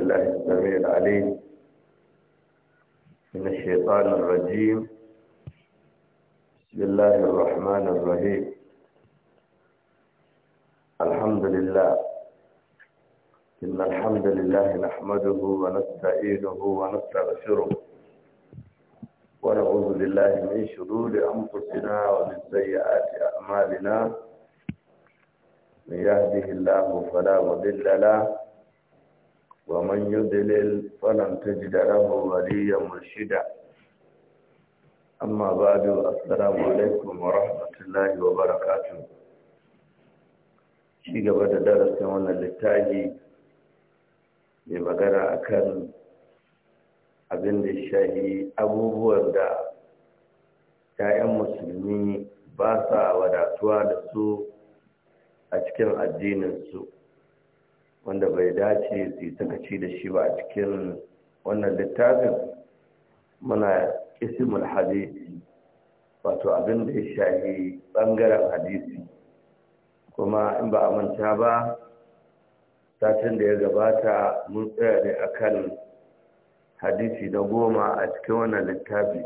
بالله السميع العليم من الشيطان الرجيم بسم الله الرحمن الرحيم الحمد لله إن الحمد لله نحمده ونستعينه ونستغفره ونعوذ بالله من شرور أنفسنا ومن سيئات أعمالنا من يهده الله فلا مضل له ومن يضلل فلن تجد له وليا مرشدا أما بعد السلام عليكم ورحمة الله وبركاته شيء قبل درس وانا للتاجي بمقرأ أكل أبن الشهي أبو بوردا da مسلمي باسا ودعتوا لسوء wadatuwa الدين السوء wanda bai dace su yi sakaci da shi ba a cikin wannan littafin muna ismul hadisi wato abin da ya shahi bangaren hadisi kuma in ba a manta ba satin da ya gabata mun tsaya ne akan hadisi na goma a cikin wannan littafi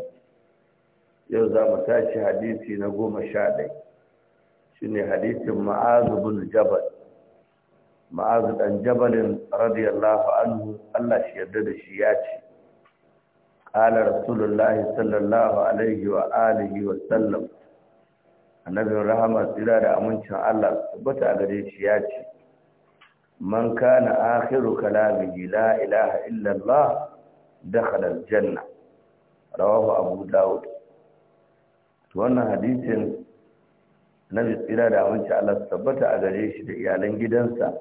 yau za mu tashi hadisi na goma sha ɗai shi ne hadisin ma'azubin jabal ma'azu dan jabalin radiyallahu anhu Allah shi yadda da shi ya ce qala rasulullahi sallallahu alaihi wa alihi wa sallam annabin rahama tsira da amincin Allah tabbata gare shi ya ce man kana akhiru kalamihi la ilaha illa Allah dakhala aljanna rawahu abu daud to wannan hadisin nabi tsira da amincin Allah tabbata a gare shi da iyalan gidansa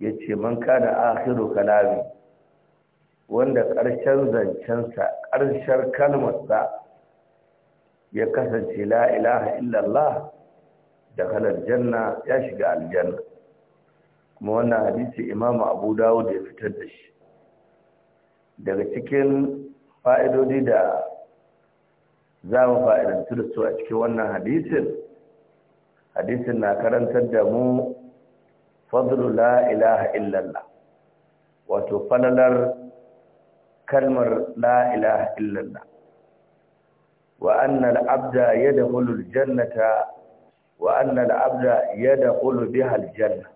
ya ce man kana akhiru kalami wanda ƙarshen zancensa karshen kalmarsa ya kasance la ilaha illallah da kalar janna ya shiga aljanna kuma wannan hadisi imamu abu dawo da ya fitar da shi daga cikin fa'idodi da za mu fa'idantu da su a cikin wannan hadisin hadisin na karantar da mu fadlu la ilaha illallah wato falalar kalmar la ilaha illallah wa anna abda yada al-jannata wa anna abda yadkhulu biha al-janna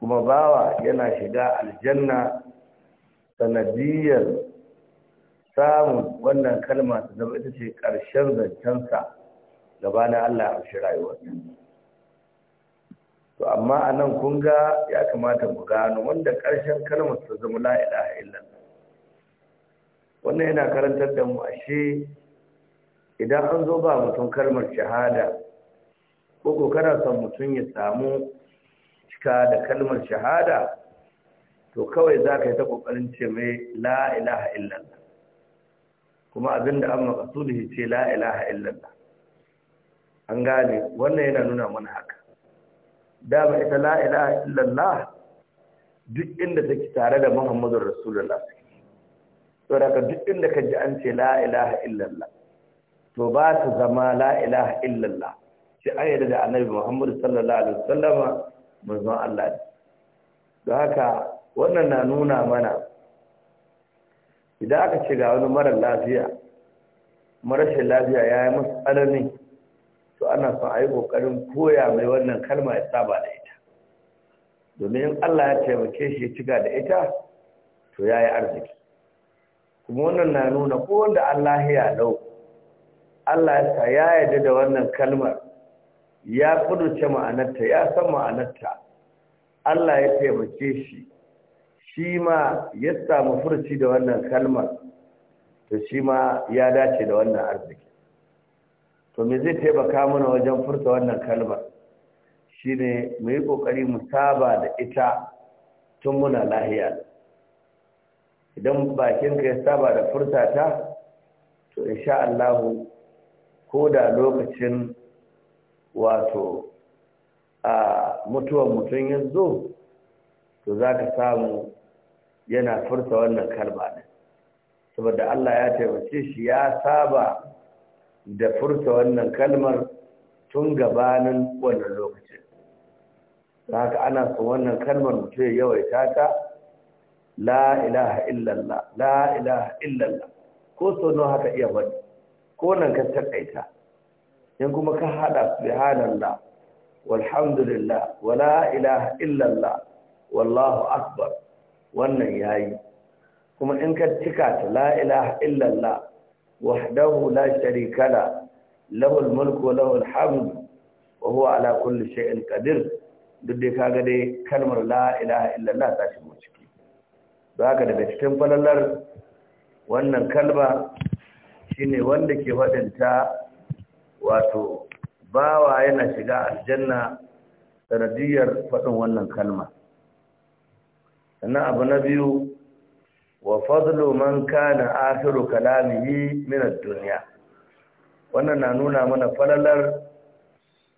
kuma bawa yana shiga aljanna sanadiyar samun wannan kalma ta zama ita ce ƙarshen zancensa gabanin Allah a shi rayuwarsa to amma a nan kun ga ya kamata mu gano wanda ƙarshen kalmar ta zama la ilaha illallah wannan yana karantar da mu ashe idan an zo ba mutum kalmar shahada ko ko kana son mutum ya samu cika da kalmar shahada to kawai za ka yi ta ƙoƙarin ce mai la ilaha illallah kuma abin da an makasudu ce la ilaha illallah an gane wannan yana nuna mana haka dama ita la ilaha illallah duk inda take tare da Muhammadur Rasulullah to daga duk inda ka ji an ce la ilaha illallah to ba ta zama la ilaha illallah sai an yarda da Annabi Muhammadu sallallahu alaihi wasallama manzon Allah ne don haka wannan na nuna mana idan aka ce ga wani marar lafiya marashin lafiya ya yi masu tsanani to ana so a yi ƙoƙarin koya mai wannan kalma ya saba da ita domin Allah ya taimake shi ya ciga da ita to ya yi arziki kuma wannan na nuna ko wanda Allah ya lau Allah ya ya yarda da wannan kalmar ya kudurce ma'anarta ya san ma'anarta Allah ya taimake shi shi ma ya samu furci da wannan kalmar to shi ma ya dace da wannan arziki to me zai taimaka mana wajen furta wannan kalmar shine mu yi kokari mu saba da ita tun muna lahiya idan bakinka ya saba da furta ta to insha allahu ko da lokacin wato a mutuwar mutum ya zo to zaka samu yana furta wannan kalma saboda Allah ya taimace shi ya saba da furta wannan kalmar tun gabanin wannan lokacin haka ana son wannan kalmar mutum ya yawaita ta la ilaha illallah la ilaha illallah ko sono haka iya bane ko nan ka takaita in kuma ka hada subhanallah walhamdulillah wa la ilaha illallah wallahu akbar wannan yayi kuma in ka cika ta la ilaha illallah وحده لا شريك له له الملك وله الحمد وهو على كل شيء قدير duk dai kaga dai kalmar la ilaha illallah ta shigo ciki don haka daga cikin falalar wannan kalma shine wanda ke faɗinta wato bawa yana shiga aljanna sanadiyar faɗin wannan kalma sannan abu na biyu wa fadlu man kana akhiru kalamihi min ad-dunya wannan na nuna mana falalar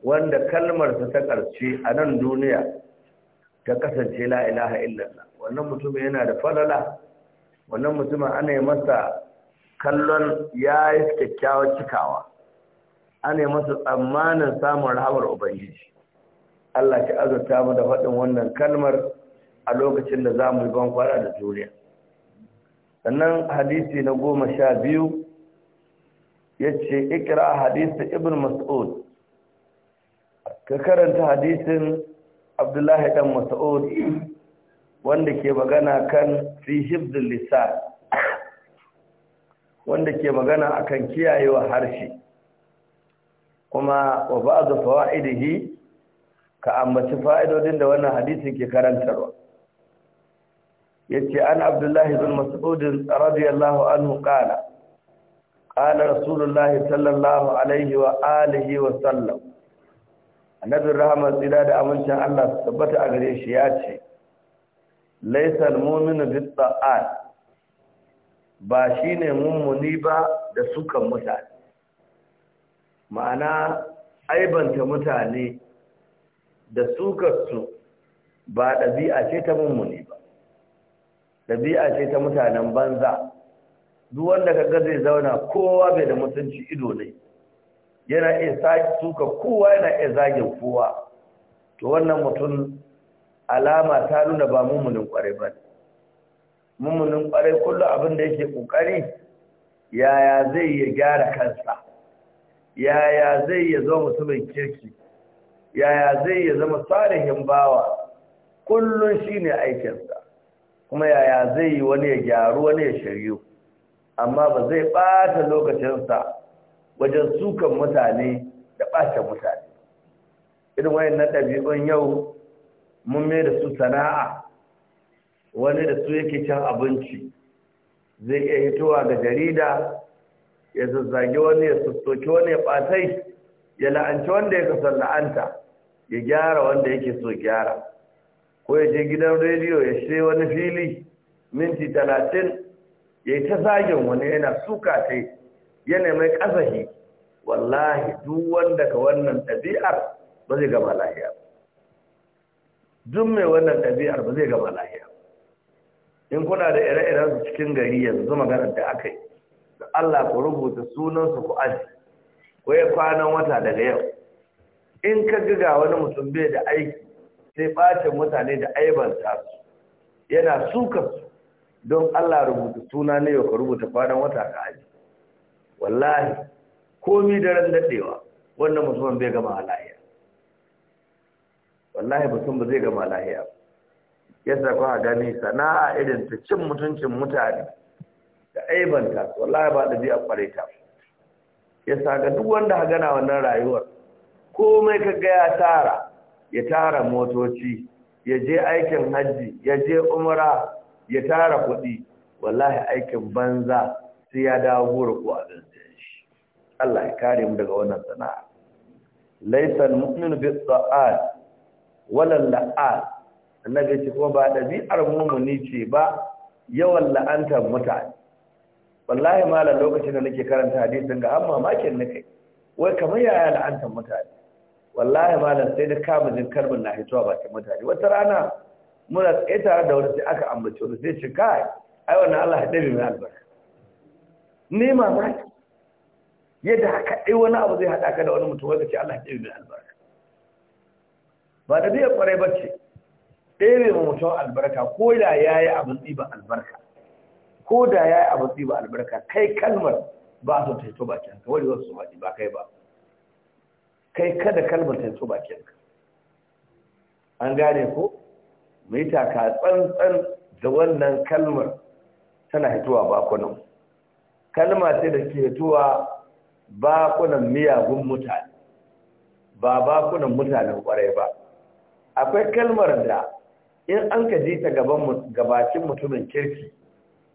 wanda kalmarsa ta karshe a nan duniya ta kasance la ilaha illallah wannan mutum yana da falala wannan mutumin ana masa kallon ya yi kyakkyawar cikawa ana masa tsammanin samun rahmar ubangiji Allah ki azurta mu da faɗin wannan kalmar a lokacin da za mu yi ban da duniya sannan hadisi na goma sha biyu ya ce ikira hadisi ibn mas'ud ka karanta hadisin abdullahi dan mas'ud wanda ke magana kan fi hibdin lisa wanda ke magana akan kiyayewa harshe kuma wa ba'd fawaidihi ka ambaci fa'idodin da wannan hadisin ke karantarwa yace an abdullahi bin mas'ud radiyallahu anhu qala qala rasulullahi sallallahu alaihi wa alihi wa sallam annabi rahmat ila da amincin Allah tabbata a gare shi yace ce laysa almu'minu bit-ta'at ba shine mummuni ba da sukan mutane ma'ana aibanta mutane da su ba ɗabi'a ce ta mummuni ba ɗabi'a ce ta mutanen banza duk wanda ka zai zauna kowa bai da mutunci ido ne yana iya sake suka kowa yana iya zagin kowa to wannan mutum alama ta nuna ba mummunin kwarai ba mummunin kwarai kullum abin da yake kokari yaya zai ya gyara kansa yaya zai ya zama mutumin kirki yaya zai ya zama salihin bawa kullum shine aikinsa kuma yaya zai yi wani ya gyaru wani ya shiryu amma ba zai ɓata lokacinsa wajen sukan mutane da ɓata mutane irin wayan na ɗabi'un yau mun mai da su sana'a wani da su yake can abinci zai iya hitowa ga jarida ya zazzage wani ya sassoki wani ya ɓatai ya la'anci wanda ya kasar la'anta ya gyara wanda yake so gyara ko ya je gidan rediyo ya shi wani fili minti talatin ya yi ta zagin wani yana suka ta yana mai kasashe wallahi duk wanda ka wannan ɗabi'ar ba zai gama lahiya duk wannan ɗabi'ar ba zai gama lahiya in kuna da ire-iren su cikin gari yanzu maganar da aka yi da Allah ku rubuta sunansu ku aji ko ya kwanan wata daga yau in ka giga wani mutum bai da aiki sai ɓace mutane da aiban su yana suka su don Allah rubuta suna ne ya rubuta kwanan wata ka aji wallahi komi da ran daɗewa wannan musamman bai gama lahiya wallahi mutum ba zai gama lahiya yadda ku a gani sana'a irin ta cin mutuncin mutane da aiban su wallahi ba da biya kware ta yasa ga duk wanda ha gana wannan rayuwar komai ka gaya tara ya tara motoci ya je aikin hajji ya je umra ya tara kuɗi wallahi aikin banza sai ya dawo gura ko abin shi Allah ya kare mu daga wannan sana'a laysa mu'minu bi sa'at wala la'at annabi ce ko ba dabi'ar mu'mini ce ba yawan la'antar mutane wallahi malam lokacin da nake karanta hadisin ga amma makin nake wai kamar yaya la'antar mutane wallahi malam sai da kama jin kalmar na hitowa bakin mutane wata rana muna tsaye tare da wani sai aka ambace wani sai ce kai ai wannan Allah ya dabe mai albarka ni mamaki yadda haka dai wani abu zai hada ka da wani mutum wanda ce Allah ya dabe mai albarka ba da biya kwarai ba ce ɗaya mai mutum albarka ko da ya yi abin tsiba albarka ko da ya yi abin tsiba albarka kai kalmar ba su taito bakin ka wani wasu su ba kai ba kai kada kalmar ta so ka. an gane ko mai taka tsantsan da wannan kalmar tana hituwa bakunan kalma ce da ke hituwa bakunan miyagun mutane ba bakunan mutanen kwarai ba akwai kalmar da in an ka ji ta gabakin mutumin kirki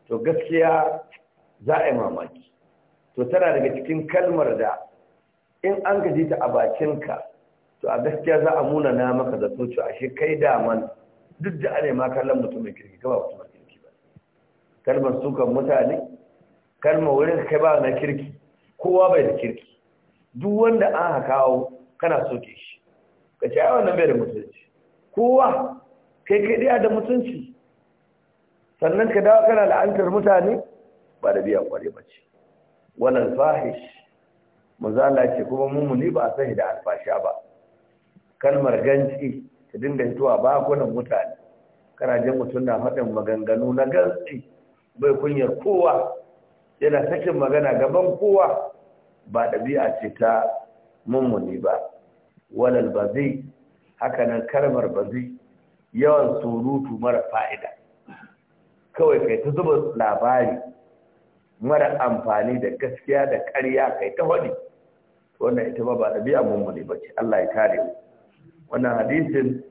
to gaskiya za a yi mamaki to tana daga cikin kalmar da in an ka ji ta a bakinka to a gaskiya za a muna na maka da soci a shi kai daman duk da ana ma kallon mutumin kirki ka ba mai kirki ba kalmar sukan mutane kalmar wurin kai ba na kirki kowa bai da kirki duk wanda an haka kawo kana soke shi ka ce ai wannan bai da mutunci kowa kai kai dai da mutunci sannan ka dawo kana la'antar mutane ba da biyan kware ba ce wannan fahish mazala ce kuma mummuni ba sai da alfasha ba kalmar ganci ta dinga fitowa ba kuna mutane kana jin mutum na faɗin maganganu na gantsi bai kunyar kowa yana sakin magana gaban kowa ba ɗabi'a ce ta mummuni ba walal bazi haka nan kalmar bazi yawan surutu mara fa'ida kawai kai ta zuba labari mara amfani da gaskiya da ƙarya kai ta wani wannan ita ba ba ɗabi'a mummuni ba ce Allah ya kare mu wannan hadisin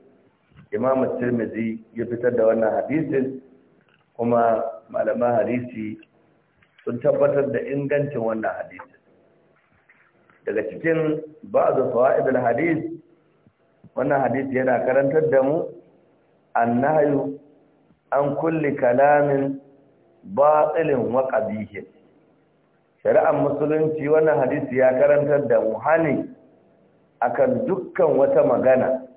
imam tirmidhi ya fitar da wannan hadisin kuma malaman hadisi sun tabbatar da ingancin wannan hadisin daga cikin ba'd fawaid al-hadis wannan hadisi yana karantar da mu annahyu an kulli kalamin batilin wa qabihin shari'ar musulunci wannan hadisi ya karantar da muhani akan dukkan wata magana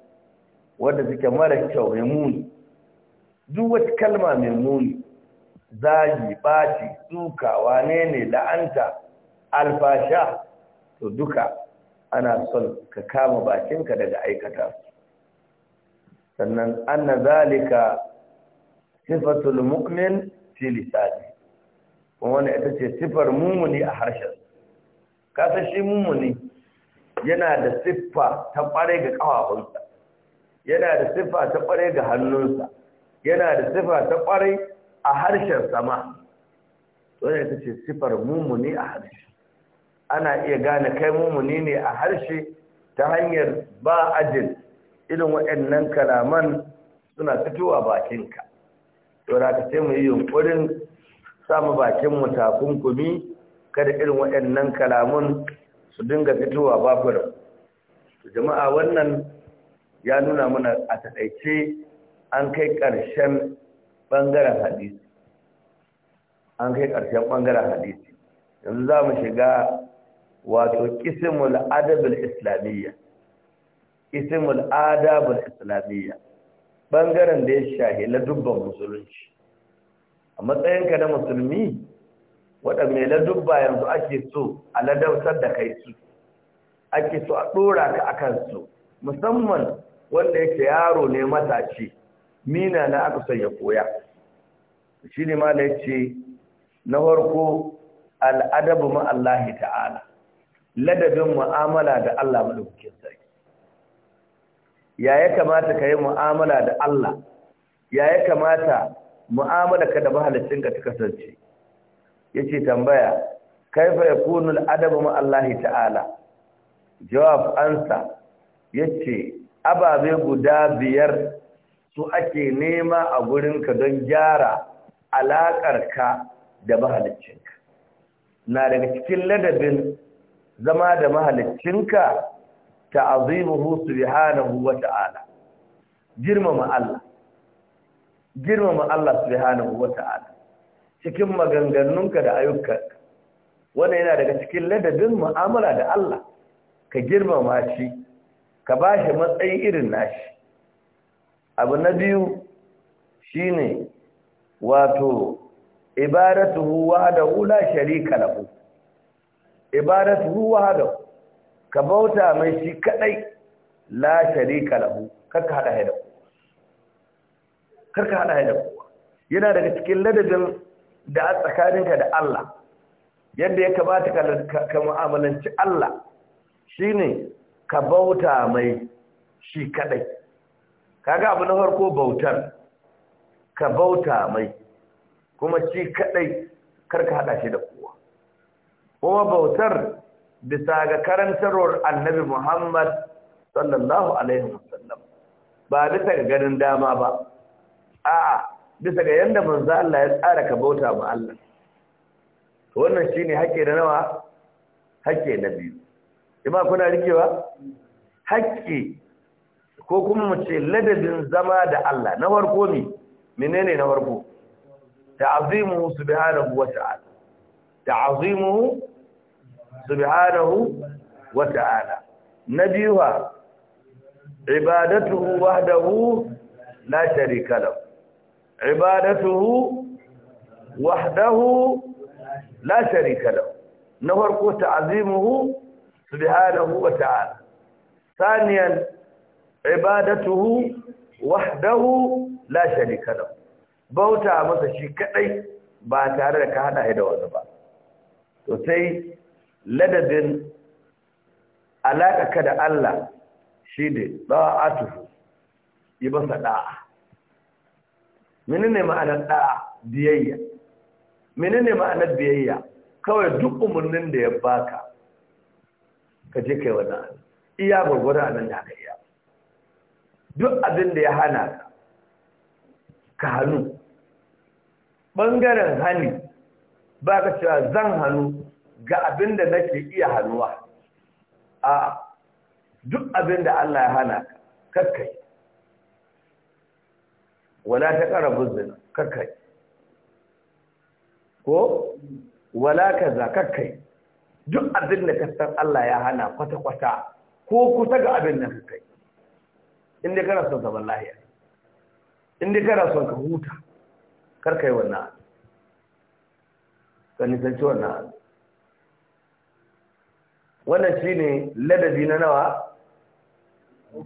wadda suke mara kyau mai muni duk wata kalma mai muni zagi baci tsuka wanene ne la'anta alfasha to duka ana son ka kama bakinka daga aikata sannan an na zalika sifatul mu'min filisati kuma wannan ita ce siffar mumuni a harshen kasar shi mumuni yana da siffa ta kware ga kafafunsa yana da siffa ta kware ga hannunsa yana da siffa ta kware a harshen sama wannan ita ce siffar mumuni a harshe ana iya gane kai mumuni ne a harshe ta hanyar ba ajin irin waɗannan kalaman suna fitowa bakinka. Yau da ka ce mu yi yunkurin samu bakin mu takunkumi kada irin waɗannan kalamun su dinga fitowa bafir jama'a wannan ya nuna mana a taɗaice an kai ƙarshen ɓangaren hadisi an kai ƙarshen ɓangaren hadisi yanzu za mu shiga wato ƙisimul adabul islamiyya ƙisimul adabul islamiyya ɓangaren da ya shahi na dubban musulunci a matsayinka na musulmi waɗanne ladubba yanzu ake so a ladabtar da kai su ake so a ɗora ka a kansu musamman wanda yake yaro ne matashi mina na aka son koya shi ne ma ce na farko al'adabu ma'allahi ta'ala ladabin mu'amala da Allah madaukakin sarki ya ya kamata ka mu'amala da Allah ya ya kamata mu'amala ka da ka ta kasance yace tambaya kaifa yakunu al-adabu ma Allah ta'ala jawab ansa yace ababe guda biyar su ake nema a ka don gyara ka da ka. na daga cikin ladabin zama da mahalicinka ta'azimuhu subhanahu ta'ala. girmama Allah girmama Allah subhanahu ta'ala cikin maganganunka da ayyukanka wannan yana daga cikin ladabin mu'amala da Allah ka girmama shi ka bashi matsayi irin nashi abu na biyu shine wato ibadatuhu wahdahu la sharika lahu ibadatuhu wahdahu ka bauta mai shi kadai la sharika lahu kaka hada hada karka hada da kowa yana daga cikin ladabin da a tsakaninka da Allah yadda ya kamata ka mu'amalanci Allah shine ka bauta mai shi kadai kaga abu na farko bautar ka bauta mai kuma shi kadai karka hada shi da kowa kuma bautar bisa ga karantarwar annabi Muhammad sallallahu alaihi wasallam ba bisa ga ganin dama ba a'a bisa ga yanda manzo Allah ya tsara ka bauta ma Allah to wannan shine hakke da nawa hakke na biyu ima kuna rikewa hakke ko kuma mu ce ladabin zama da Allah na farko ne menene na farko ta'zimu subhanahu wa ta'ala ta'zimu subhanahu wa ta'ala nabiwa ibadatuhu wahdahu la sharika lahu ibadatuhu wahdahu la sharika lahu na farko ta'zimuhu subhanahu wa ta'ala ثانيا ibadatuhu wahdahu la sharika lahu bauta masa shi kadai ba tare da ka hada da wani ba to sai ladadin alaka ka da Allah shi ne da'atuhu yi masa da'a menene ma'anar da'a biyayya menene ma'anar biyayya kawai duk umarnin da ya baka ka je kai wani abu iya gwargwada nan da aka iya duk abin da ya hana ka ka hannu ɓangaren hani ba ka cewa zan hannu ga abin da nake iya hannuwa a duk abin da Allah ya hana ka kakkai wala ta ƙarabin zina kakai ko wala kaza kakai duk abin da kasar Allah ya hana kwata-kwata ko kusa ga abin da kakai inda kana son zaman lahiya inda kana son ka huta karkai wannan ka nisanci wannan wannan shi ne ladabi na nawa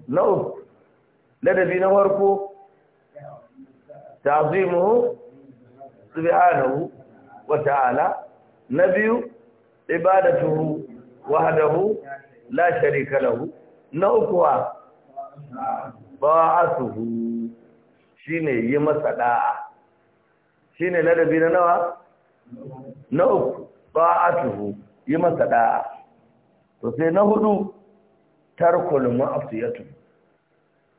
na uku ladabi na warko ta'zimuhu subhanahu wa ta'ala na biyu ibada wahdahu la sharika lahu na uku wa ba'athuhu shine yi masa da'a shine ladabi na nawa na uku ba'athuhu yi masa ɗa'a. to sai na hudu tarkul ma'asiyatu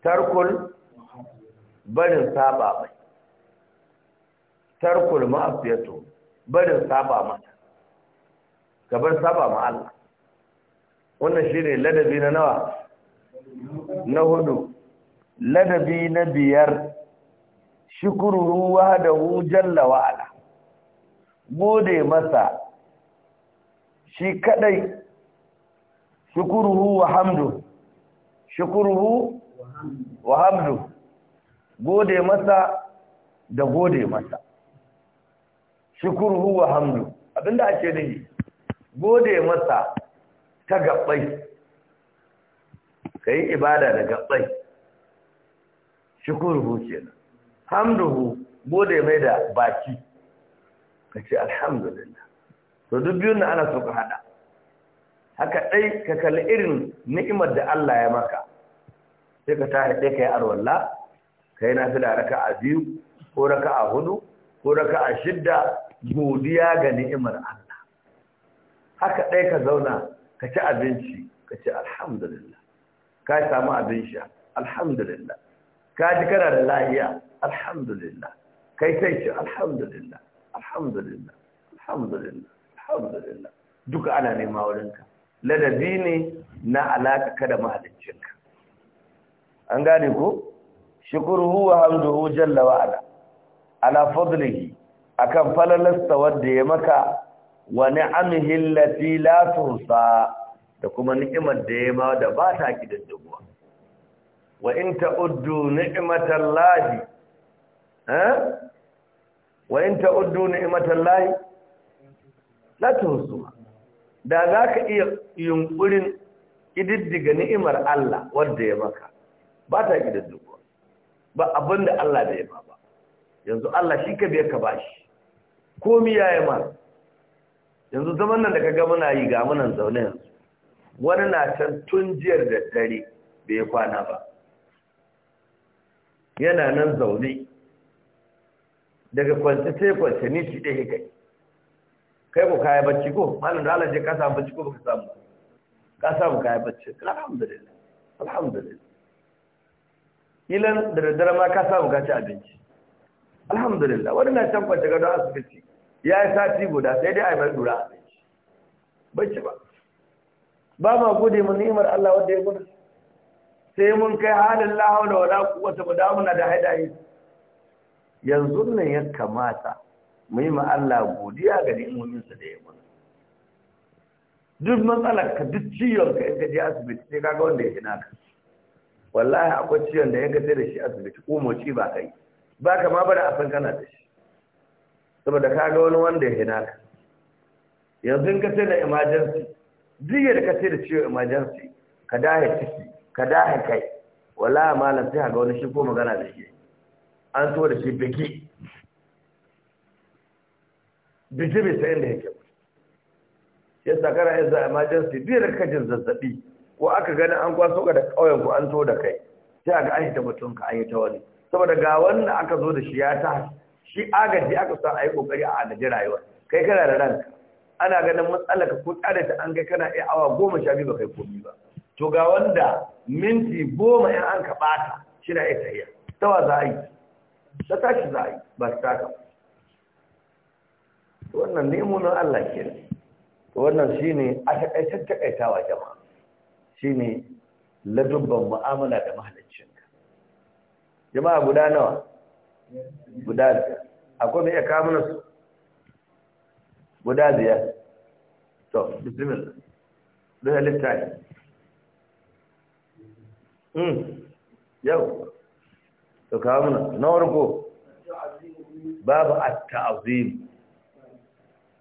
tarkul barin saba mai tarkul ma'asiyatu barin saba mata gabar saba ma Allah wannan shine ladabi na nawa na hudu ladabi na biyar shukuru ruwa da hu jalla wa ala gode masa shi kadai shukuruhu wa hamdu shukuruhu wa hamdu gode masa da gode masa shukuru wa hamdu abinda ake nufi gode masa ta gabbai kai ibada da gabbai shukuru kenan hamduhu gode mai da baki kace alhamdulillah to duk biyun na ana so ka hada haka dai ka kalli irin ni'imar da Allah ya maka sai ka tare dai kai arwalla kai nafila raka'a biyu ko raka'a hudu ko raka'a shidda godiya ga ni'imar Allah haka ɗaya ka zauna ka ci abinci ka ce alhamdulillah ka samu abin sha alhamdulillah ka ji kana da lahiya alhamdulillah kai sai ce alhamdulillah alhamdulillah alhamdulillah alhamdulillah duka ana nema wurinka ladabi ne na alaka kada mahaliccinka an gane ko shukuru huwa hamduhu jalla wa ala ala fadlihi akan falalasta wanda ya maka wa ni'amihi allati la tusa da kuma ni'imar da ya ma da ba ta kididdigwa wa in ta'uddu ni'matallahi eh wa in ta'uddu ni'matallahi la tursu da zaka iya yunkurin kididdiga ni'imar Allah wanda ya maka ba ta kididdigwa ba abinda Allah da ya ba yanzu Allah shi ka biya ka bashi komi ya yi ma yanzu zaman nan da ka gama muna yi ga munan zaune yanzu wani na can tun jiyar da dare bai kwana ba yana nan zaune daga kwanci sai kwanci ni shi ɗaya kai kai ku kayi bacci ko malin da alaje ka samu bacci ko ka samu ka samu kayi bacci alhamdulillah alhamdulillah ilan da daddare ma ka samu ka ci abinci alhamdulillah wani na can kwanci gado asibiti ya yi sati guda sai dai a yi mai dura bai ci ba ba ma gode mu ni'imar Allah wanda ya gudu sai mun kai halin lahau da wada kuwata ba da muna da haidaye yanzu ne ya kamata mu yi ma Allah godiya ga ni'imominsa da ya gudu duk matsalar ka duk ciwon ka yanka ji asibiti sai kaga wanda ya gina ka wallahi akwai ciwon da yanka sai da shi asibiti ko moci ba kai ba ka ma bada a san kana da shi saboda ka ga wani wanda ya hina ka yanzu in ka ce da emergency jiya da ka ce da ciwo emergency ka dahe ciki ka dahe kai wala malam sai ga wani shi ko magana da shi an so da shi biki biki bai sayin da yake ya sakara ya za emergency jiya da kajin zazzabi ko aka gani an kwaso ka da kauyen ku an so da kai sai ga an yi ta mutum ka an yi ta wani saboda ga wanda aka zo da shi ya tashi shi agaji aka sa a yi kokari a adaji rayuwa kai kana da ranka ana ganin matsala ka ko tsada ta an kai kana iya awa goma sha biyu ba kai komi ba to ga wanda minti goma in an ka bata shi na iya tahiya ta wa za a yi ta tashi za a yi ba ta taka wannan nemunan Allah kenan wannan shine a taƙaitar takaitawa jama'a Shi ne ladubban mu'amala da mahalicci. jama'a guda nawa guda akwai mai iya kamuna mana su guda biyar to bismillah don halitta ne hmm. yau to kamuna, mana na warko babu at-ta'zim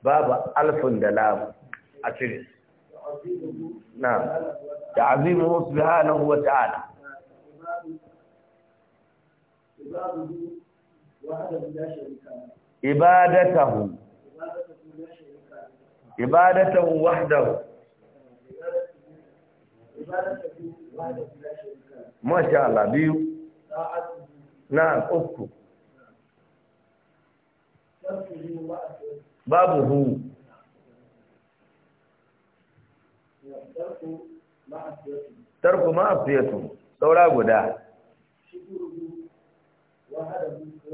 babu Alfin da lam a cikin na ta'zimu na huwa ta'ala ibadatahu ibadatahu wahdahu masha Allah biyu na uku babu hu tarku ma'asiyatu saura guda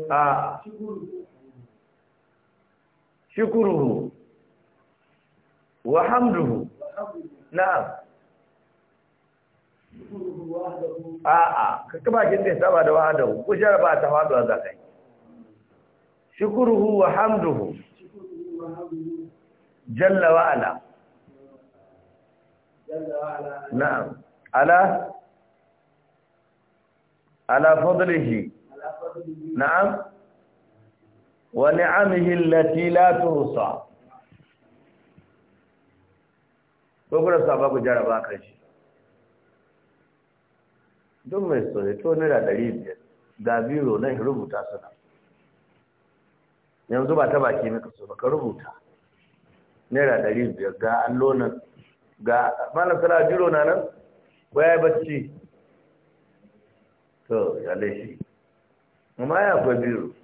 a ah. shukuruhu wa hamduhu na'am a'a ka kaba kin da saba da wahadahu ko shar ba ta faduwa zakai shukruhu wa hamduhu jalla ala na'am ala ala fadlihi na'am wa ni'amihi allati la tuhsa ko kuma sa ba ku jaraba shi don mai ne to da ɗari biyar ga biro nan rubuta suna yanzu ba ta baki ka so ba ka rubuta naira ɗari biyar ga allo nan ga malam sana biro na nan baya bacci to ya laifi amma ya kwa biyu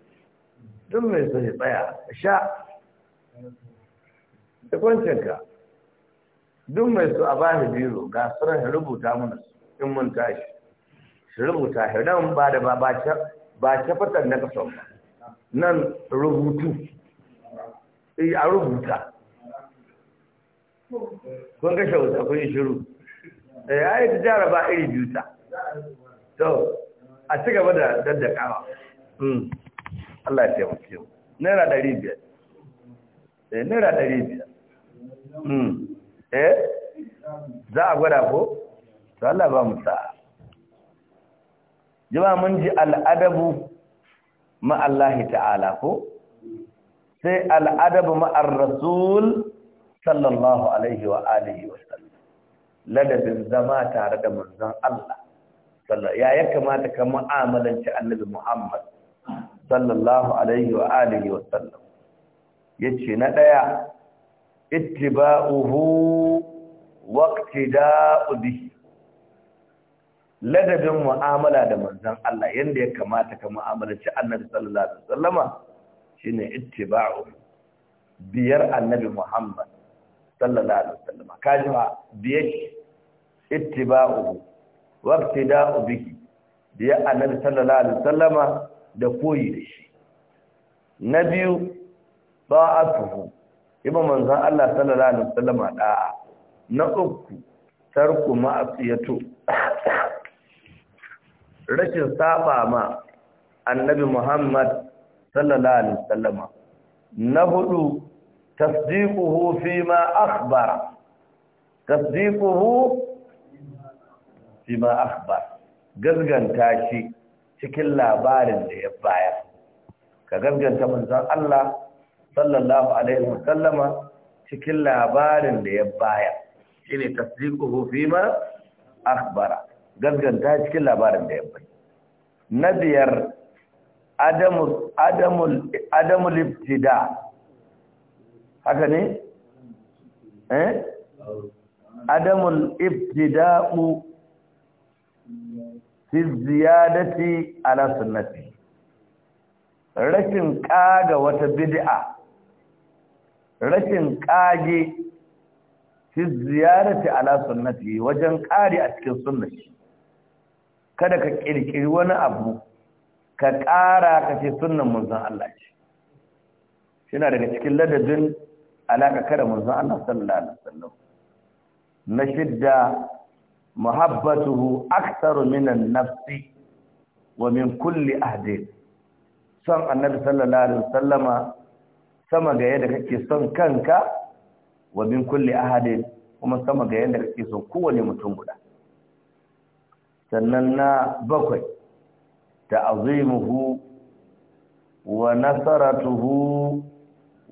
don mai so ya tsaya sha da kwancinka don mai su a ba shi biyu ga suran ya rubuta mana in mun tashi shi rubuta shi nan ba da ba ce fatan na kaso nan rubutu eh, a rubuta kun kashe wuta kun yi shiru ya eh, yi ta jaraba iri biyu ta to a ci gaba da daddakawa Hmm. Allah ya taimake mu naira ɗari biyar eh naira ɗari biyar hmm. eh za a gwada ko to Allah ba mu sa'a Jima mun ji al'adabu ma Allah ta'ala ko sai al'adabu ma'ar rasul sallallahu alaihi wa alihi wa sallam ladabin zama tare da manzan Allah sallallahu ya ya kamata ka mu'amalanci annabi Muhammad sallallahu alaihi wa alihi wa sallam yace na daya ittiba'uhu waqtida'u bihi ladabin mu'amala da manzon Allah yanda ya kamata ka mu'amalaci annabi sallallahu alaihi wa sallama shine ittiba'u biyar annabi Muhammad sallallahu alaihi wasallama kaji ba biyar ittiba'u waqtida'u bihi biyar annabi sallallahu alaihi wa sallama da koyi da shi na biyu ba'atuhu iba manzan Allah sallallahu alaihi wasallam ɗa'a. na uku tarku ma'asiyatu rashin saba ma annabi Muhammad sallallahu alaihi wasallam na hudu tasdiquhu fima akhbara tasdiquhu fima akhbara gazganta shi cikin labarin da ya bayar ka mun san Allah sallallahu alaihi wa sallama cikin labarin da ya bayar shine tasdiquhu fima akhbara gaskanta cikin labarin da ya bayar na biyar adamu adamu adamu libtida haka ne eh adamu libtida fi ziyadati ala sunnati rashin kaga wata bid'a rashin kage fi ziyadati ala sunnati wajen kare a cikin sunnati kada ka kirkiri wani abu ka kara ka ce sunnan manzon Allah ce yana daga cikin ladabin alaka kada manzon Allah sallallahu alaihi wasallam na shidda mahabbatuhu aktsaru minan nafsi wa min kulli ahdin son annabi sallallahu alaihi wasallama sama ga yadda kake son kanka wa min kulli ahadin kuma sama ga yadda kake son kowane mutum guda sannan na bakwai ta'zimuhu wa nasaratuhu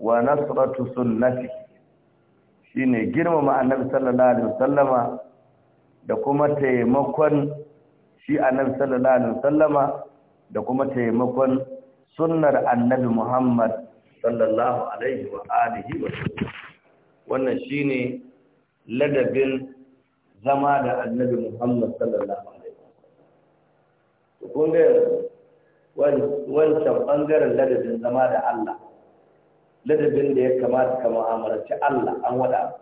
wa nasratu sunnati shine girmama annabi sallallahu alaihi wasallama da kuma taimakon shi annabi sallallahu alaihi wasallama da kuma taimakon sunnar annabi Muhammad sallallahu alaihi wa alihi wa wannan shine ladabin zama da annabi Muhammad sallallahu alaihi wa kun ga wancan bangaren ladabin zama da Allah ladabin da ya kamata ka mu'amalarci Allah an wada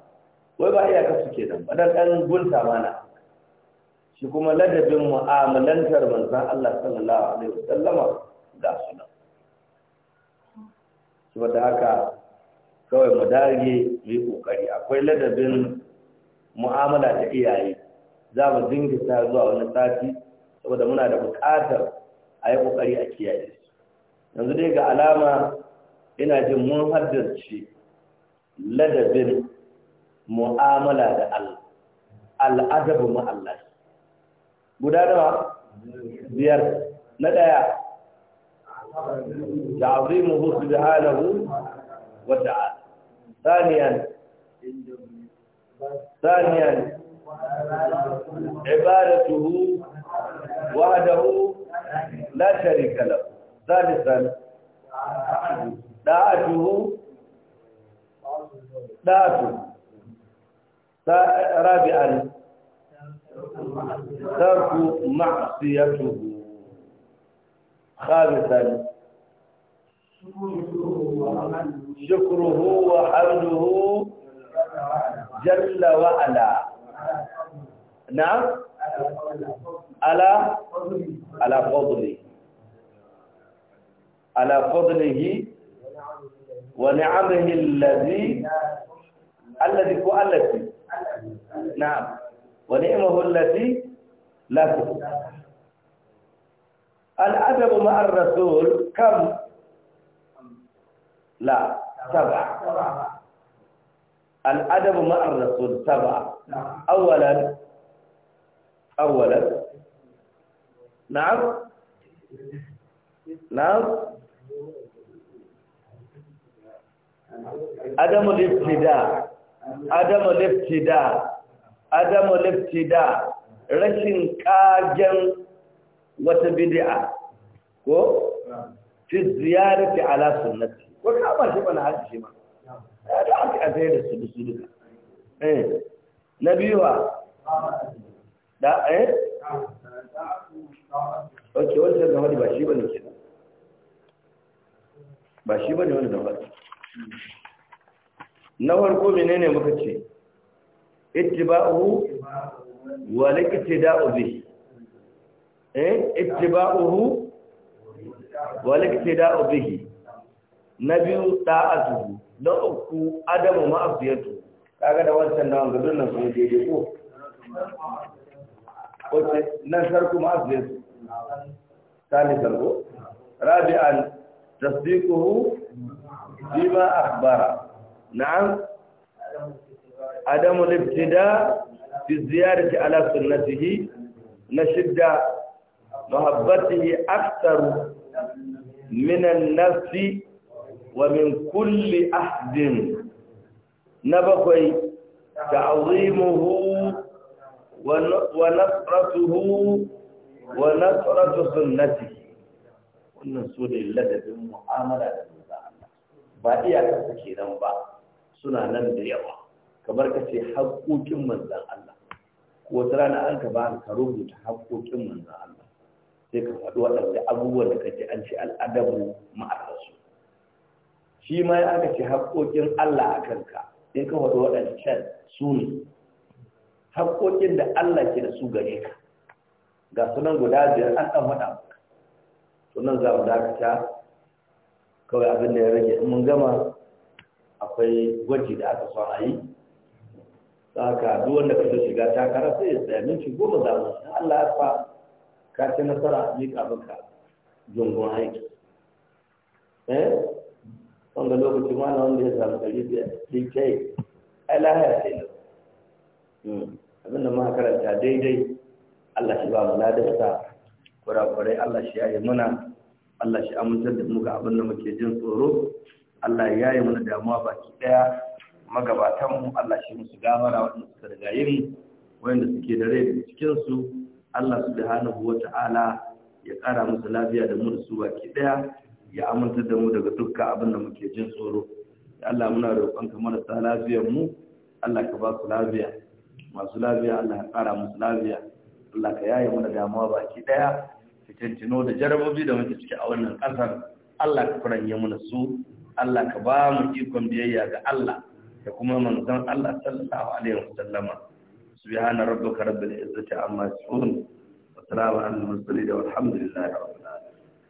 wai ba iyaka suke nan ba dan gunta mana shi kuma ladabin mu'amalantar manzan Allah sallallahu alaihi wasallama ga suna da haka kawai mu dage mai yi kokari akwai ladabin mu'amala ta iyaye za mu dingita zuwa wani sati saboda muna da buƙatar a yi ƙoƙari a kiyaye su yanzu dai ga alama ina jin mun haddace ladabin mu'amala da Allah al'adabu guda nawa biyar na daya ta'zimuhu subhanahu wa ta'ala ثانيا ثانيا عبادته وحده لا شريك له ثالثا دعته دعته رابعا ترك معصيته خامسا شكره وحمده جل وعلا نعم على على فضله على فضله ونعمه الذي الذي كو نعم ونعمه التي لا الأدب مع الرسول كم لا سبعة الأدب مع الرسول سبعة أولا أولا نعم نعم عدم الابتداء عدم الابتداء adamu liftida rashin kagen wata bid'a ko fi ziyarati ala sunnati ko ka ba shi bana haji shi ma da aka azai da su su duka eh na da eh ok wannan da wani ba shi bane kenan ba shi bane wani da wani na farko menene muka ce ittiba'uhu wa liqtida'u bihi eh ittiba'uhu wa liqtida'u bihi nabiyu ta'atuhu na uku adamu ma'afiyatu kaga da wancan da wanga dunnan sun daidai ko wace nan sarku ma'afiyatu salisan ko rabi'an tasdiquhu bima akhbara na'am adamu libtida fi ziyarati ala sunnatihi na shidda mahabbatihi aktaru minan nafsi wa min kulli ahdin na bakwai ta'zimuhu wa nasratuhu wa nasratu sunnatihi wannan so da ladabin mu'amala da manzo Allah ba iyakar kenan ba suna nan da yawa kamar ka ce haƙoƙin manzan Allah ko wata rana an ka ba ka rubuta haƙoƙin manzan Allah sai ka faɗi waɗanda abubuwan da kake an ce al'adabu ma'ar shi ma ya aka ce haƙoƙin Allah a kanka sai ka faɗi can su ne haƙoƙin da Allah ke da su gare ka ga sunan guda biyar an ɗan faɗa sunan za mu dakata kawai abin da ya rage in mun gama akwai gwaji da aka so a yi haka duk wanda ka so shiga takara sai ya tsaya minti goma za mu Allah ya fa ka ci nasara ni ka baka jungon aiki eh wanda lokaci ma na wanda ya samu ɗari biyar ɗin kai ai lahaya sai da abinda ma karanta daidai Allah shi ba mu ladarsa kurakurai Allah shi ya yi muna Allah shi amintar da muka abinda abin da muke jin tsoro Allah ya yi mana damuwa baki ɗaya magabatanmu Allah shi musu gamara waɗanda suka riga yini wanda suke da rai cikin cikinsu Allah subhanahu wa ta'ala ya ƙara musu lafiya da mu baki ɗaya ya amintar da mu daga dukkan abin da muke jin tsoro Allah muna mana marasa lafiyar mu Allah ka ba su lafiya masu lafiya Allah ya ƙara musu lafiya Allah ka yaye mana damuwa baki ɗaya fitintino da jarabobi da muke ciki a wannan ƙasar Allah ka furanye mana su Allah ka ba mu ikon biyayya ga Allah da kuma manzon Allah sallallahu alaihi wasallama subhana rabbika rabbil izzati amma yasifun wa salamun alal mursalin walhamdulillahi rabbil